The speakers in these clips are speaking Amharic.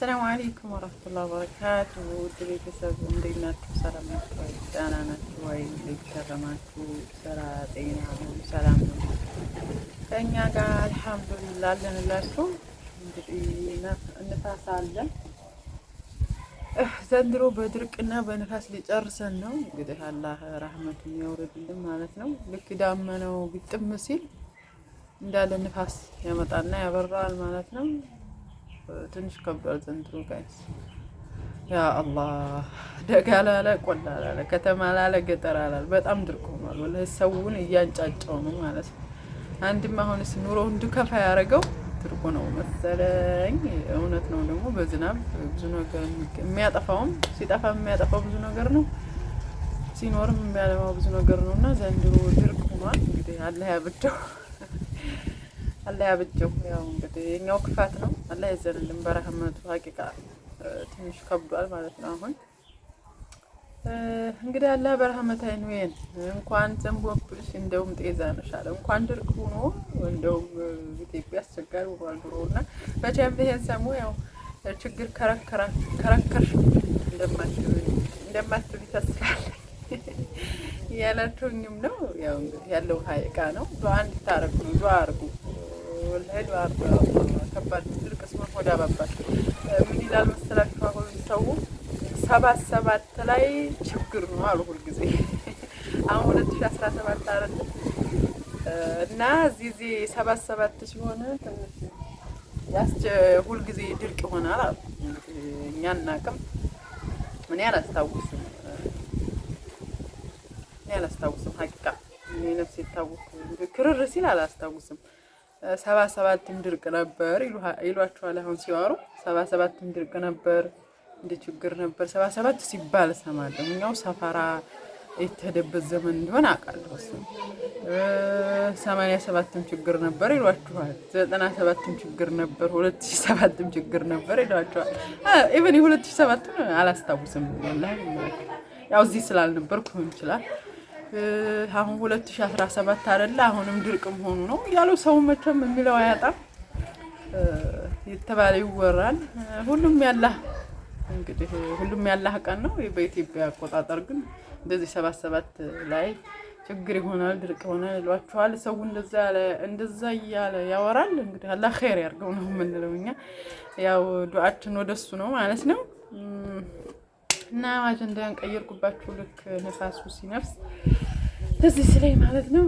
አሰላሙ አለይኩም ወረህመቱላሂ ወበረካቱ። ውድ ቤተሰብ እንዴት ናችሁ? ሰላም ናችሁ ወይ? ደህና ናችሁ ወይ? እንዴት ስራ፣ ጤና ሁሉ ሰላም ነው? ከእኛ ጋር አልሐምዱሊላህ አለንላችሁ። እንግዲህ እንፋሳለን። ዘንድሮ በድርቅና በንፋስ ሊጨርሰን ነው። እንግዲህ አላህ ረህመቱን ያውርድልን ማለት ነው። ልክ ዳመናው ግጥም ሲል እንዳለ ንፋስ ያመጣና ያበራል ማለት ነው። ትንሽ ከብዷል ዘንድሮ ጋይስ። ያ አላህ ደጋ ላለ ቆላ ላለ ከተማ ላለ ገጠር ላለ በጣም ድርቅ ሆኗል። ወላሂ ሰውን እያንጫጫው ነው ማለት ነው። አንድም አሁንስ ኑሮ እንዲከፋ ያደረገው ድርቁ ነው መሰለኝ። እውነት ነው ደግሞ በዝናብ ብዙ ነገር የሚያጠፋውም ሲጠፋ የሚያጠፋው ብዙ ነገር ነው፣ ሲኖርም የሚያለማው ብዙ ነገር ነው እና ዘንድሮ ድርቅ ሆኗል። እንግዲህ አለ ያብደው። አላህ ያብጀው። ያው እንግዲህ የኛው ክፋት ነው። አላህ ያዘንልን በረህመቱ። ሀቂቃ ትንሽ ከብዷል ማለት ነው። አሁን እንግዲህ አላህ በረህመት አይንዌን እንኳን ዘንቦብሽ እንደውም ጤዛ ነሻለ እንኳን ድርቅ ሆኖ እንደውም ኢትዮጵያ አስቸጋሪ ሆኗል ድሮ እና መቼም ይሄን ሰሙ ያው ችግር ከረከር እንደማትሉ ይተስፋል ያላችሁኝም ነው ያው እንግዲህ ያለው ሀይቃ ነው። ዱዓ እንድታረጉ ነው። ዱዓ አርጉ ለህድ ከባድ ድርቅ ሲሆን ሆድ አባባል ምን ይላል መሰላችሁ? አሁን ሰው ሰባት ሰባት ላይ ችግር ነው አሉ ሁልጊዜ። አሁን ሁለት ሺ አስራ ሰባት አረለ እና እዚህ እዚህ ሰባት ሰባት ሲሆን ትንሽ ያስቸ ሁልጊዜ ድርቅ ይሆናል አሉ። እኛ እናቅም ምን አላስታውስም እኔ አላስታውስም ሀቂቃ እኔ ነፍሴ የታወኩ ክርር ሲል አላስታውስም። ሰባ ሰባትም ድርቅ ነበር ይሏቸዋል አሁን ሲዋሩ ሰባ ሰባትም ድርቅ ነበር፣ እንደ ችግር ነበር ሰባ ሰባት ሲባል እሰማለሁ። እኛው ሰፈራ የተደበት ዘመን እንዲሆን አውቃለሁ። ሰማንያ ሰባትም ችግር ነበር ይሏችኋል። ዘጠና ሰባትም ችግር ነበር፣ ሁለት ሺህ ሰባትም ችግር ነበር ይሏችኋል። ኢቨን የሁለት ሺህ ሰባትም አላስታውስም። ያው እዚህ ስላልነበርኩ ይሆን ይችላል አሁን 2017 አይደለ? አሁንም ድርቅ መሆኑ ነው እያሉ ሰው መቼም የሚለው አያጣም የተባለ ይወራል። ሁሉም ያላ እንግዲህ ሁሉም ያላ ቀን ነው። በኢትዮጵያ አቆጣጠር ግን እንደዚህ ሰባት ሰባት ላይ ችግር ይሆናል ድርቅ ይሆናል ይሏችኋል። ሰው እንደዛ ያለ እንደዛ እያለ ያወራል። እንግዲህ አላህ ኸይር ያርገው ነው የምንለው እኛ ያው ዱዓችን ወደሱ ነው ማለት ነው። እና አጀንዳ ያንቀየርኩባችሁ ልክ ነፋሱ ሲነፍስ እዚህ ስለኝ ማለት ነው።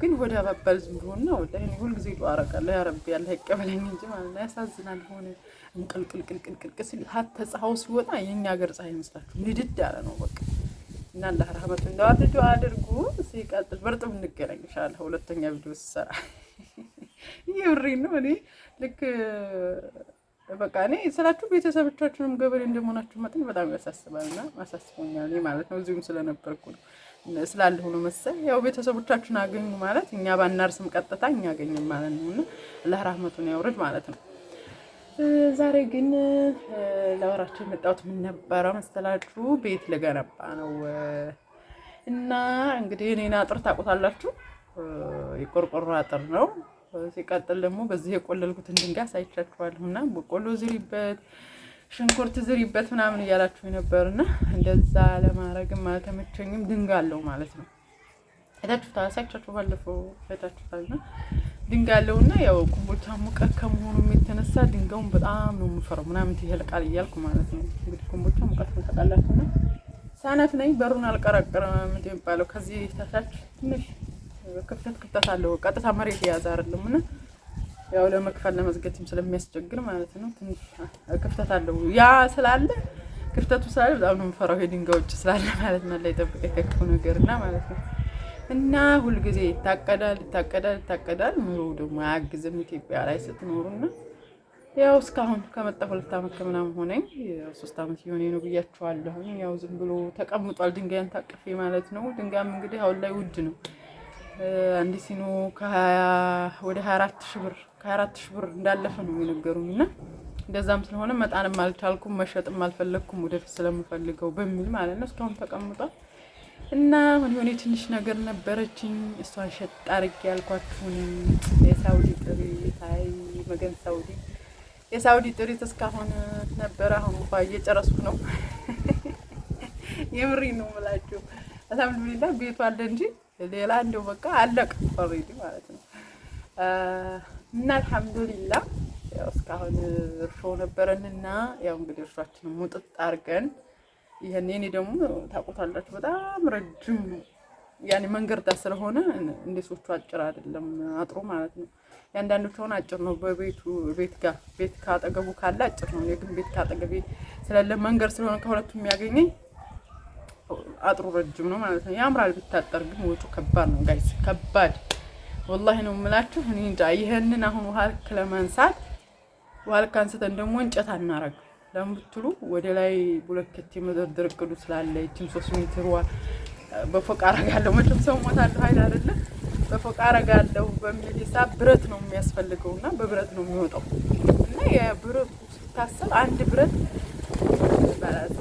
ግን ወደ አባባል ዝም ብሆን ነው ለእኔ ሁልጊዜ ዱአ አደርጋለሁ። ያ ረቢ ያለ ይቀበለኝ እንጂ ማለት ነው። ያሳዝናል። ሆነ እንቅልቅልቅልቅልቅ ሲል ሀተ ፀሐው ሲወጣ የእኛ ሀገር ፀሐይ ይመስላችሁ ንድድ አለ ነው በቃ እና አላህ ረህመቱ እንዳዋርድ ዱአ አድርጉ። ሲቀጥል በርጥም እንገናኝ ይሻላል። ሁለተኛ ቪዲዮ ስሰራ ይህ ብሬ ነው እኔ ልክ በቃ እኔ ስላችሁ ቤተሰቦቻችሁንም ገበሬ እንደመሆናችሁ መጠን በጣም ያሳስባልና አሳስቦኛል ማለት ነው። እዚሁም ስለነበርኩ ነው ስላለሁ ነው መሰል ያው ቤተሰቦቻችሁን አገኙ ማለት እኛ ባናርስም ቀጥታ እኛ አገኝም ማለት ነው። እና ለራህመቱን ያውርድ ማለት ነው። ዛሬ ግን ለወራቸው የመጣሁት ምን ነበረ መሰላችሁ? ቤት ልገነባ ነው እና እንግዲህ እኔን አጥር ታውቁታላችሁ። የቆርቆሮ አጥር ነው ሲቀጥል ደግሞ በዚህ የቆለልኩትን ድንጋይ አሳይቻችኋለሁ እና በቆሎ ዝሪበት፣ ሽንኩርት ዝሪበት ምናምን እያላችሁ ነበር እና እንደዛ ለማድረግም አልተመቸኝም። ድንጋይ አለው ማለት ነው። አይታችሁታል፣ አሳይቻችሁ ባለፈው አይታችሁታል። እና ድንጋይ አለው እና ያው ኩምቦቻ ሙቀት ከመሆኑም የተነሳ ድንጋዩን በጣም ነው የምፈረው ምናምን ይሄልቃል እያልኩ ማለት ነው። እንግዲህ ኩምቦቻ ሙቀት ታውቃላችሁ። ሰነፍ ነኝ፣ በሩን አልቀረቅርም የሚባለው ከዚህ ታሳች ትንሽ ክፍተት ክፍተት አለው። ቀጥታ መሬት የያዘ አይደለም እና ያው ለመክፈል ለመዝገትም ስለሚያስቸግር ማለት ነው ክፍተት አለው። ያ ስላለ ክፍተቱ ስላለ በጣም ነው የምፈራው። የድንጋዮች ስላለ ማለት ነው ላይ ጠብቀ ነገር ነገርና ማለት ነው እና ሁልጊዜ ይታቀዳል ይታቀዳል ይታቀዳል። ኑሮ ደግሞ አያግዝም። ኢትዮጵያ ላይ ስትኖሩ ስትኖሩና ያው እስካሁን ከመጣ ሁለት ዓመት ከምናምን ሆነኝ ሶስት ዓመት የሆነ ነው ብያችኋለሁ። ያው ዝም ብሎ ተቀምጧል ድንጋይን ታቅፌ ማለት ነው። ድንጋይም እንግዲህ አሁን ላይ ውድ ነው። አንድ ሲኖ ወደ 24 ሺህ ብር ከ24 ሺህ ብር እንዳለፈ ነው የነገሩኝ እና እንደዛም ስለሆነ መጣንም አልቻልኩም መሸጥም አልፈለግኩም ወደፊት ስለምፈልገው በሚል ማለት ነው እስካሁን ተቀምጧል። እና አሁን የሆነ ትንሽ ነገር ነበረችኝ እሷን ሸጥ አድርጌ ያልኳችሁን የሳውዲ ጥሪ ታይ መገን ሳውዲ የሳውዲ ጥሪት እስካሁን ነበረ። አሁን እንኳ እየጨረስኩ ነው። የምሪ ነው የምላችሁ። አልሐምዱሊላህ ቤቷ አለ እንጂ ሌላ እንደው በቃ አለቀ ኦልሬዲ ማለት ነው። እና አልሐምዱሊላ ያው እስካሁን እርሾ ነበረንና ያው እንግዲህ እርሻችንን ሙጥጥ አድርገን ይሄን የኔ ደግሞ ታውቁታላችሁ በጣም ረጅም ያኔ መንገድ ዳ ስለሆነ እንደ ሶቹ አጭር አይደለም አጥሩ ማለት ነው። የአንዳንዶቹ አሁን አጭር ነው። በቤቱ ቤት ጋር ቤት ካጠገቡ ካለ አጭር ነው። የግን ቤት ካጠገቤ ስለለ መንገድ ስለሆነ ከሁለቱም የሚያገኘኝ አጥሩ ረጅም ነው ማለት ነው። ያምራል ብታጠር ግን ወጪ ከባድ ነው ጋይስ፣ ከባድ ወላሂ ነው የምላችሁ። እኔ እንጃ ይህንን አሁን ዋልክ ለመንሳት ዋልክ አንስተን ደግሞ እንጨት አናረግ ለምትሉ ወደ ላይ ብሎኬት የመደርደር እቅዱ ስላለ ይችም ሶስት ሜትር ዋ በፎቅ አረጋለሁ መቼም ሰው ሞታለሁ ሀይል አይደለም በፎቅ አረጋለሁ በሚል ሂሳብ ብረት ነው የሚያስፈልገው እና በብረት ነው የሚወጣው እና የብረቱ ስታስብ አንድ ብረት ይባላል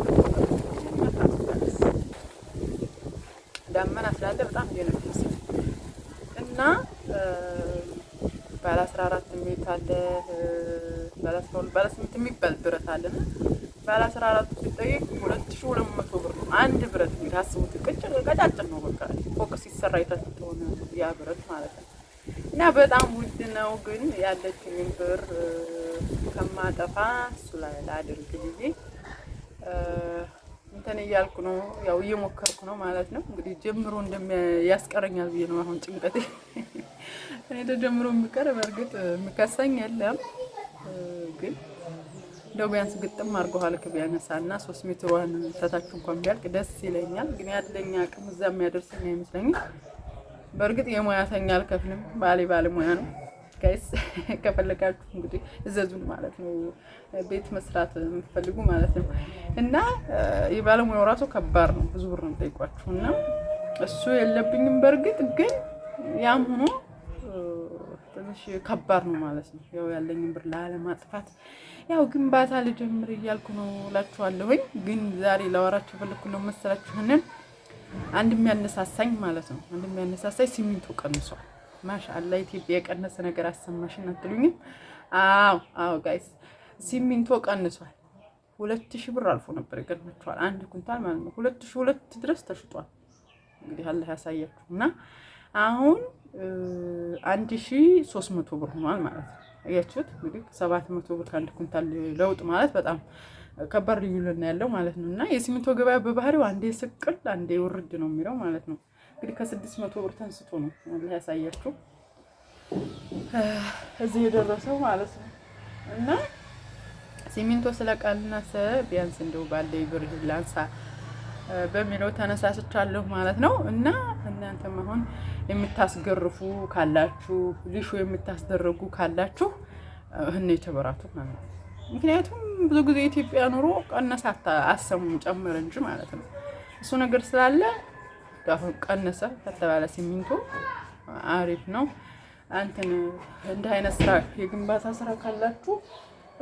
ዳመና ስላለ በጣም እየነፈሰ እና ባለ አስራ አራት የሚሉት ባለ ስምንት የሚባል ብረት አለና ባለ አስራ አራቱ ሲጠየቅ ሁለት ሺ ሁለት መቶ ብር ነው አንድ ብረት እንግዲህ አስቡት። ቅጭር ነው በቃ ፎቅ ሲሰራ የታትተሆነ ያ ብረት ማለት ነው እና በጣም ውድ ነው። ግን ያለችኝን ብር ከማጠፋ እሱ ላይ ላድርግ ብዬ እንትን እያልኩ ነው ያው እየሞከርኩ ነው ማለት ነው። እንግዲህ ጀምሮ ያስቀረኛል ብዬ ነው አሁን ጭንቀቴ። እኔ ተጀምሮ የሚቀር በእርግጥ የሚከሳኝ የለም ግን እንደው ቢያንስ ግጥም አድርጎ ሀልክ ቢያነሳና ሶስት ሜትሯን ተታች እንኳን ቢያልቅ ደስ ይለኛል። ግን ያለኝ አቅም እዛ የሚያደርሰኝ አይመስለኝም። በእርግጥ የሙያተኛ አልከፍልም። ባሌ ባለሙያ ነው። ጋይስ ከፈለጋችሁ እንግዲህ እዘዙን ማለት ነው። ቤት መስራት የምትፈልጉ ማለት ነው። እና የባለሙያው ራሱ ከባድ ነው። ብዙ ብር ነው ጠይቋችሁ እና እሱ የለብኝም። በእርግጥ ግን ያም ሆኖ ትንሽ ከባድ ነው ማለት ነው። ያው ያለኝን ብር ላለማጥፋት ያው ግንባታ ልጀምር እያልኩ ነው እላችኋለሁኝ። ግን ዛሬ ላወራችሁ የፈለኩ ነው መሰላችሁንን አንድ የሚያነሳሳኝ ማለት ነው። አንድ የሚያነሳሳኝ ሲሚንቶ ቀንሷል። ማሻአላ ኢትዮጵያ የቀነሰ ነገር አሰማሽን አትሉኝም? አዎ አዎ፣ ጋይስ ሲሚንቶ ቀንሷል። ሁለት ሺህ ብር አልፎ ነበር የቀንሷል። አንድ ኩንታል ማለት ነው ሁለት ሺህ ሁለት ድረስ ተሽጧል። እንግዲህ አላህ ያሳያችሁ እና አሁን አንድ ሺህ ሶስት መቶ ብር ሆኗል ማለት ነው። አያችሁት እንግዲህ ሰባት መቶ ብር ከአንድ ኩንታል ለውጥ ማለት በጣም ከባድ ልዩነት ያለው ማለት ነው እና የሲሚንቶ ገበያ በባህሪው አንዴ ስቅል አንዴ ውርድ ነው የሚለው ማለት ነው። እንግዲህ ከስድስት መቶ ብር ተንስቶ ነው ያሳያችሁ እዚህ የደረሰው ማለት ነው። እና ሲሚንቶ ስለቀነሰ ቢያንስ እንደው ባለ ብር ላንሳ በሚለው ተነሳስቻለሁ ማለት ነው። እና እናንተም አሁን የምታስገርፉ ካላችሁ ሊሹ የምታስደረጉ ካላችሁ እህነ የተበራቱ ማለት ነው። ምክንያቱም ብዙ ጊዜ ኢትዮጵያ ኑሮ ቀነስ አሰሙ ጨምር እንጂ ማለት ነው እሱ ነገር ስላለ ዳፉን ቀነሰ ከተባለ ሲሚንቶ አሪፍ ነው። አንተን እንደ አይነት ስራ የግንባታ ስራ ካላችሁ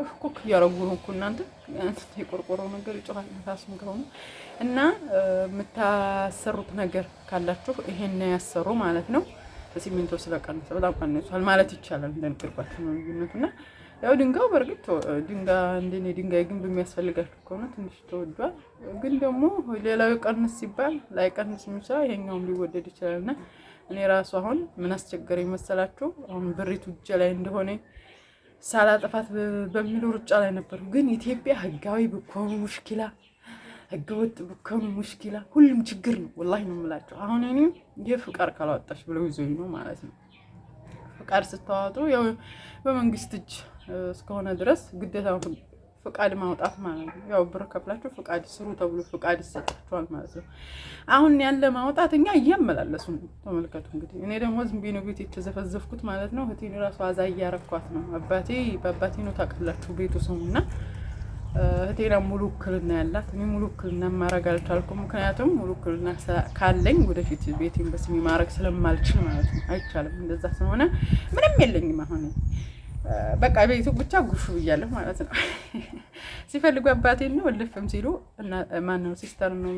እኩክ እያረጉ ነው እኮ እናንተ የቆርቆሮ ነገር ይጮሃል ራሱም ከሆኑ እና የምታሰሩት ነገር ካላችሁ ይሄን ያሰሩ ማለት ነው። ሲሚንቶ ስለቀነሰ በጣም ቀንሷል ማለት ይቻላል። እንደነገርኳችሁ ነው ልዩነቱ እና ያው ድንጋው በእርግጥ ድንጋ እንደኔ ድንጋይ ግን በሚያስፈልጋችሁ ከሆነ ትንሽ ተወዷል። ግን ደግሞ ሌላው ቀንስ ሲባል ላይቀንስ የሚችላል፣ ይሄኛውም ሊወደድ ይችላል። እና እኔ ራሱ አሁን ምን አስቸገረኝ መሰላችሁ? አሁን ብሪቱ እጄ ላይ እንደሆነ ሳላ ጥፋት በሚለው ሩጫ ላይ ነበሩ። ግን ኢትዮጵያ ህጋዊ ብኮኑ ሙሽኪላ፣ ህገወጥ ብኮኑ ሙሽኪላ፣ ሁሉም ችግር ነው። ወላሂ ነው የምላቸው። አሁን እኔ ይህ ፍቃድ ካላወጣሽ ብለው ይዞኝ ነው ማለት ነው ፍቃድ ስታወጡ ያው በመንግስት እጅ እስከሆነ ድረስ ግዴታ ፍቃድ ማውጣት ማለት ነው። ያው ብር ከፍላችሁ ፍቃድ ስሩ ተብሎ ፍቃድ ይሰጣችኋል ማለት ነው። አሁን ያለ ማውጣት እኛ እያመላለሱ ነው። ተመልከቱ እንግዲህ እኔ ደግሞ ዝም ብዬ ነው ቤት የተዘፈዘፍኩት ማለት ነው። እህቴን ራሱ አዛ እያረኳት ነው። አባቴ በአባቴ ነው ታውቃላችሁ ቤቱ ሰው እና እህቴና ሙሉ ውክልና ያላት እኔ ሙሉ ውክልና ማድረግ አልቻልኩም። ምክንያቱም ሙሉ ውክልና ካለኝ ወደፊት ቤቴን በስሜ ማድረግ ስለማልችል ማለት ነው፣ አይቻልም። እንደዛ ስለሆነ ምንም የለኝም አሁን በቃ ቤቱ ብቻ ጉሹ ብያለሁ ማለት ነው። ሲፈልጉ አባቴን ነው እልፍም ሲሉ ማነው ሲስተር ነው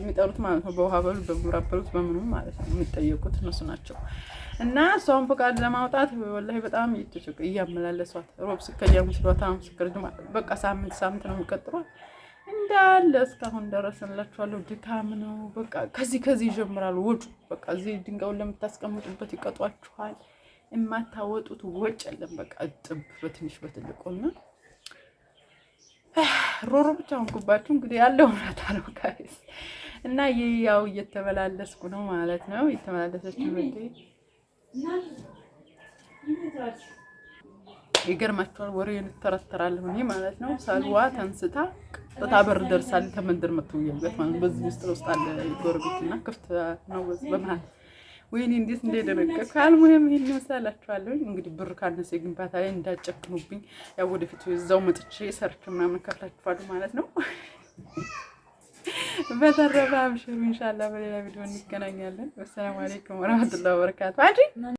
የሚጠሩት ማለት ነው። በውሃ በሉ በጉራበሉት በምኑ ማለት ነው የሚጠየቁት እነሱ ናቸው። እና እሷን ፈቃድ ለማውጣት ወላሂ በጣም እየተሸቀ እያመላለሷት ሮብ ስከር ሐሙስ፣ ሮብ በቃ ሳምንት ሳምንት ነው የሚቀጥሯል እንዳለ እስካሁን ደረሰንላችኋለሁ። ድካም ነው በቃ ከዚህ ከዚህ ይጀምራሉ። ወጩ በቃ እዚህ ድንጋዩን ለምታስቀምጡበት ይቀጧችኋል። የማታወጡት ወጭ የለም። በቃ እጥብ በትንሽ በትልቁ በትልቁና ሮሮ ብቻ ሆንኩባችሁ። እንግዲህ ያለው ምረታ ነው ጋይስ። እና ይህ ያው እየተመላለስኩ ነው ማለት ነው። እየተመላለሰች ምድ ይገርማችኋል፣ ወሬ እንተረተራለሁ እኔ ማለት ነው። ሳልዋ ተንስታ ቀጥታ በር ደርሳል። ተመንደር መተውያበት ማለት በዚህ ውስጥ ለውስጥ አለ ጎረቤት እና ክፍት ነው በመሀል ወይኔ እንዴት እንደደረቀ አልሙኒየም ይሄን ይመስላላችኋለሁ። እንግዲህ ብር ካነሰ ግንባታ ላይ እንዳጨክኑብኝ፣ ያው ወደፊት እዛው መጥቼ ሰርች ምናምን ከፍላችኋለሁ ማለት ነው። በተረፈ አብሽሩ። ኢንሻአላህ በሌላ ቪዲዮ እንገናኛለን። ወሰላሙ አለይኩም ወራህመቱላሂ ወበረካቱ።